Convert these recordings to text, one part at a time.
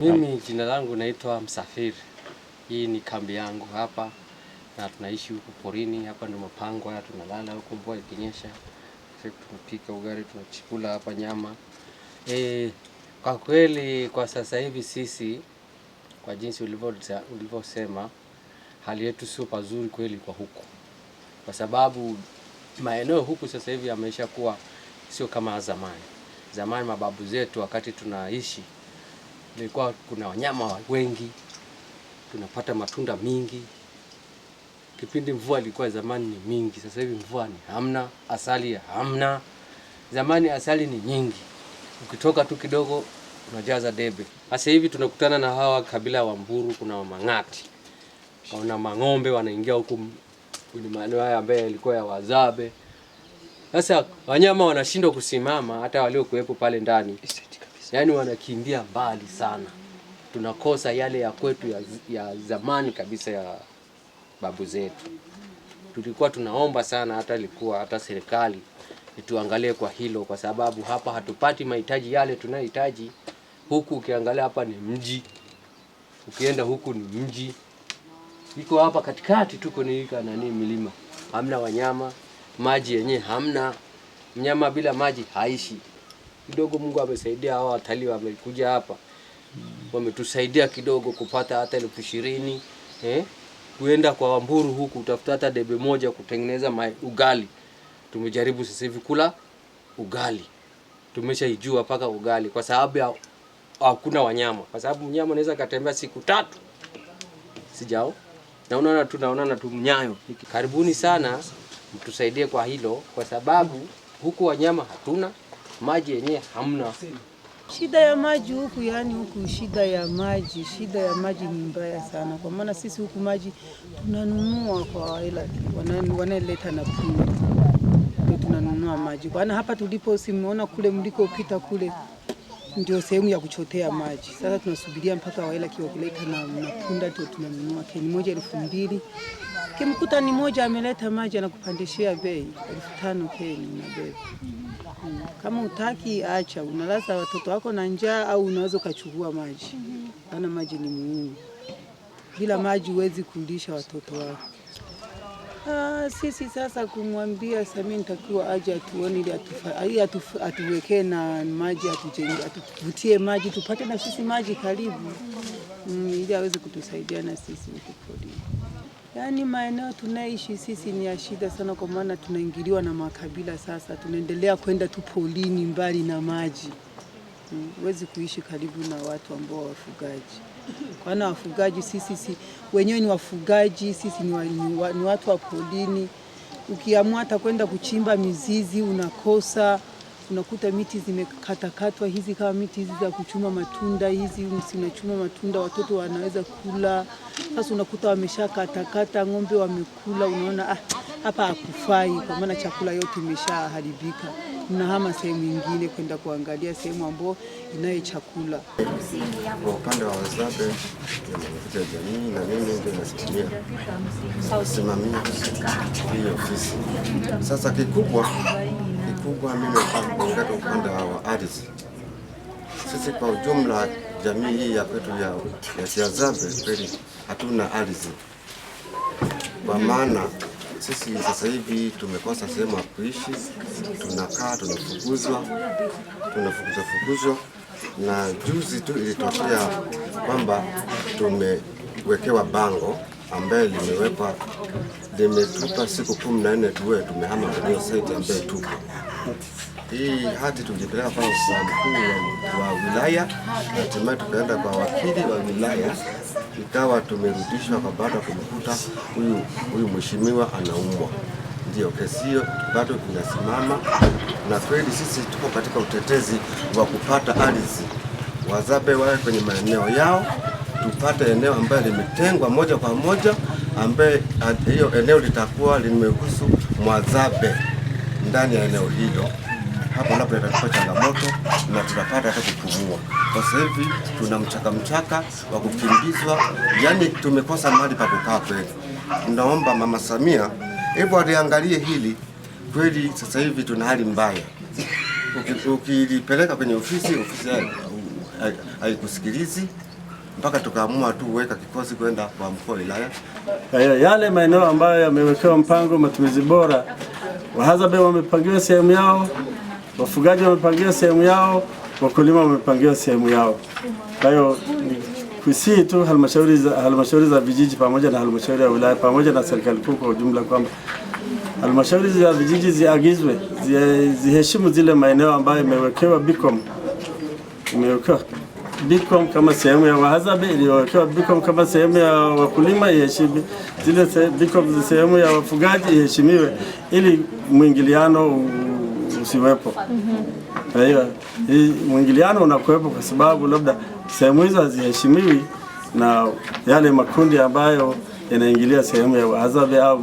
Mimi jina langu naitwa Msafiri. Hii ni kambi yangu hapa na tunaishi huku porini hapa, ndio mapango haya, tunalala huko mvua ikinyesha, tunapika ugali, tunachikula hapa nyama e. Kwa kweli kwa sasa hivi sisi, kwa jinsi ulivyosema, hali yetu sio pazuri kweli kwa huku, kwa sababu maeneo huku sasa hivi yameisha kuwa sio kama zamani. Zamani mababu zetu wakati tunaishi nilikuwa kuna wanyama wengi, tunapata matunda mingi. Kipindi mvua ilikuwa zamani ni mingi, sasa hivi mvua ni hamna, asali ya hamna. Zamani asali ni nyingi, ukitoka tu kidogo unajaza debe. Sasa hivi tunakutana na hawa kabila wa Mburu, kuna mangati kuna Mang'ombe wanaingia huku kwenye maeneo haya ambayo yalikuwa ya Wazabe. Sasa wanyama wanashindwa kusimama, hata waliokuwepo pale ndani yaani wanakimbia mbali sana, tunakosa yale ya kwetu ya, ya zamani kabisa ya babu zetu. Tulikuwa tunaomba sana, hata ilikuwa hata serikali ituangalie kwa hilo, kwa sababu hapa hatupati mahitaji yale tunayohitaji. Huku ukiangalia hapa ni mji, ukienda huku ni mji, iko hapa katikati tuko ni nani, milima hamna, wanyama maji yenyewe hamna, mnyama bila maji haishi kidogo Mungu amesaidia, hawa watalii wamekuja hapa wametusaidia kidogo kupata hata elfu ishirini eh? kuenda kwa Wamburu huku utafuta hata debe moja kutengeneza mai, ugali. Tumejaribu sasa hivi kula ugali, tumeshaijua paka ugali, kwa sababu hakuna wanyama, kwa sababu mnyama anaweza katembea siku tatu sijao na unaona tu naonana tu Mnyayo. Karibuni sana mtusaidie kwa hilo, kwa sababu huku wanyama hatuna maji yenyewe hamna. Shida ya maji huku, yani huku shida ya maji, shida ya maji ni mbaya sana, kwa maana sisi huku maji tunanunua kwa ila wanaeleta na ndio tunanunua maji, kwa maana hapa tulipo, simeona kule mlikopita kule ndio sehemu ya kuchotea maji. Sasa tunasubiria mpaka waela kiwakileta na matunda ndio tunanunua keni moja elfu mbili. Kimkuta ni moja ameleta maji anakupandishia bei elfu tano keni unabeba. Kama utaki acha, unalaza watoto wako na njaa, au unaweza ukachukua maji. Maana maji ni muhimu, bila maji huwezi kulisha watoto wako. Ah, sisi sasa kumwambia Samia nitakiwa aje atuone ili atuwekee na maji atujenge, atuvutie maji tupate na sisi maji karibu mm, ili aweze kutusaidia na sisi ukukodi. Yaani maeneo tunaishi sisi ni ya shida sana, kwa maana tunaingiliwa na makabila. Sasa tunaendelea kwenda tu polini mbali na maji huwezi kuishi karibu na watu ambao wafugaji, kwana wafugaji sisi si, wenyewe ni wafugaji sisi ni, wa, ni, wa, ni watu wa polini Ukiamua hata kwenda kuchimba mizizi unakosa, unakuta miti zimekatakatwa hizi, kama miti hizi za kuchuma matunda hizi, sinachuma matunda watoto wanaweza kula. Sasa unakuta wameshakatakata, ng'ombe wamekula, unaona ah, hapa hakufai, kwa maana chakula yote imeshaharibika tunahama sehemu nyingine kwenda kuangalia sehemu ambayo inayo chakula. Kwa upande wa wazabe ya wa jamii na mimi ndio nasimamia simamia hii ofisi. Sasa kikubwa kikubwa, mimi nataka upande wa ardhi, sisi kwa ujumla jamii hii ya kwetu ya, ya kweli hatuna ardhi kwa maana sisi sasa hivi tumekosa sehemu ya kuishi, tunakaa tunafukuzwa, tunafukuzwa fukuzwa, na juzi tu ilitokea kwamba tumewekewa bango ambaye limewekwa limetupa siku kumi na nne tuwe tumehama kwenye site ambaye tuko hii hati tulipeleka kwa mkuu wa wilaya, hatimaye tukaenda kwa wakili wa wilaya ikawa tumerudishwa kwa baada kumkuta huyu huyu mheshimiwa anaumwa, ndio kesi hiyo bado inasimama, na kweli sisi tuko katika utetezi wa kupata ardhi, wazabe wawe kwenye maeneo yao, tupate eneo ambayo limetengwa moja kwa moja, ambaye hiyo eneo litakuwa limehusu mwazabe ndani ya eneo hilo hapo labda itatupa changamoto na tutapata hata kupumua. Kwa sasa hivi tuna mchaka mchaka wa kukimbizwa, yani tumekosa mahali pa kukaa kweli. Naomba Mama Samia hebu aliangalie hili kweli, sasa hivi tuna hali mbaya. Ukilipeleka kwenye ofisi, ofisi haikusikilizi mpaka tukaamua tu weka kikosi kwenda kwa mkoa wilaya yale maeneo ambayo yamewekewa mpango matumizi bora. Wahadzabe wamepangiwa sehemu yao wafugaji wamepangiwa sehemu yao, wakulima wamepangiwa sehemu yao. Kwa hiyo kusii tu halmashauri za halmashauri za vijiji pamoja na halmashauri ya wilaya pamoja na serikali kuu kwa ujumla kwamba halmashauri za vijiji ziagizwe ziheshimu zile maeneo ambayo imewekewa BICOM imewekewa BICOM kama sehemu ya wahadzabe iliyowekewa BICOM kama sehemu ya wakulima iheshimi, zile BICOM sehemu ya wafugaji iheshimiwe ili mwingiliano usiwepo. Kwa hiyo hii mwingiliano unakuwepo kwa sababu labda sehemu hizo haziheshimiwi na yale makundi ambayo yanaingilia sehemu ya wahadzabe au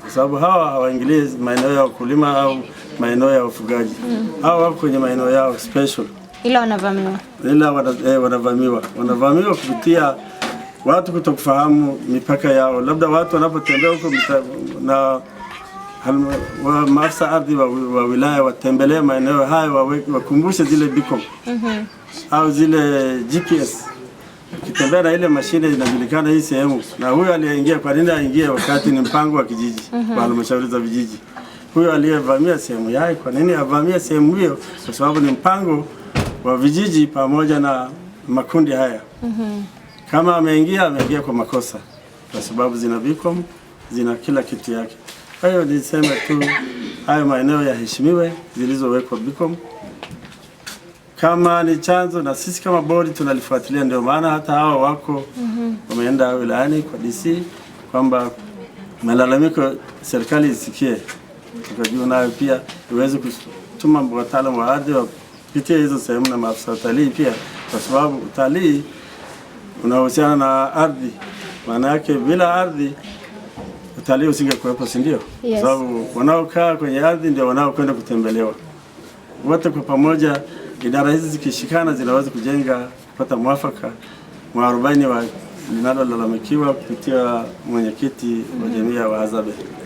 kwa sababu hawa hawaingilii maeneo ya ukulima au maeneo ya ufugaji mm. Hawa wako kwenye maeneo yao special, ila wanavamiwa, ila eh, wanavamiwa, wanavamiwa kupitia watu kutokufahamu mipaka yao, labda watu wanapotembea huko na maafisa ardhi wa, wa wilaya watembelee maeneo hayo wakumbushe zile biko mm -hmm. au zile GPS ukitembea na ile mashine inajulikana hii sehemu, na huyo aliyeingia, kwa nini aingie wakati ni mpango wa kijiji mm -hmm. wa halmashauri za vijiji? Huyo aliyevamia sehemu yake, kwa nini avamia sehemu hiyo? Kwa sababu ni mpango wa vijiji pamoja na makundi haya mm -hmm. kama ameingia, ameingia kwa makosa, kwa sababu zina beacon, zina kila kitu yake hayo hiyo tu hayo maeneo yaheshimiwe zilizowekwa Bicom kama ni chanzo, na sisi kama bodi tunalifuatilia. Ndio maana hata hawa wako mm -hmm. wameenda wilayani kwa DC kwamba malalamiko serikali isikie, tukajua nayo pia iweze kutuma wataalamu wa ardhi wapitie hizo sehemu na maafisa utalii pia, kwa sababu utalii unahusiana na ardhi. Maana yake bila ardhi utalii usingekuwepo, si ndio? Yes. Sababu wanaokaa kwenye ardhi ndio wanaokwenda kutembelewa. Wote kwa pamoja, idara hizi zikishikana, zinaweza kujenga kupata mwafaka mwarobaini wa linalolalamikiwa kupitia mwenyekiti wa mhm. jamii ya Wahadzabe.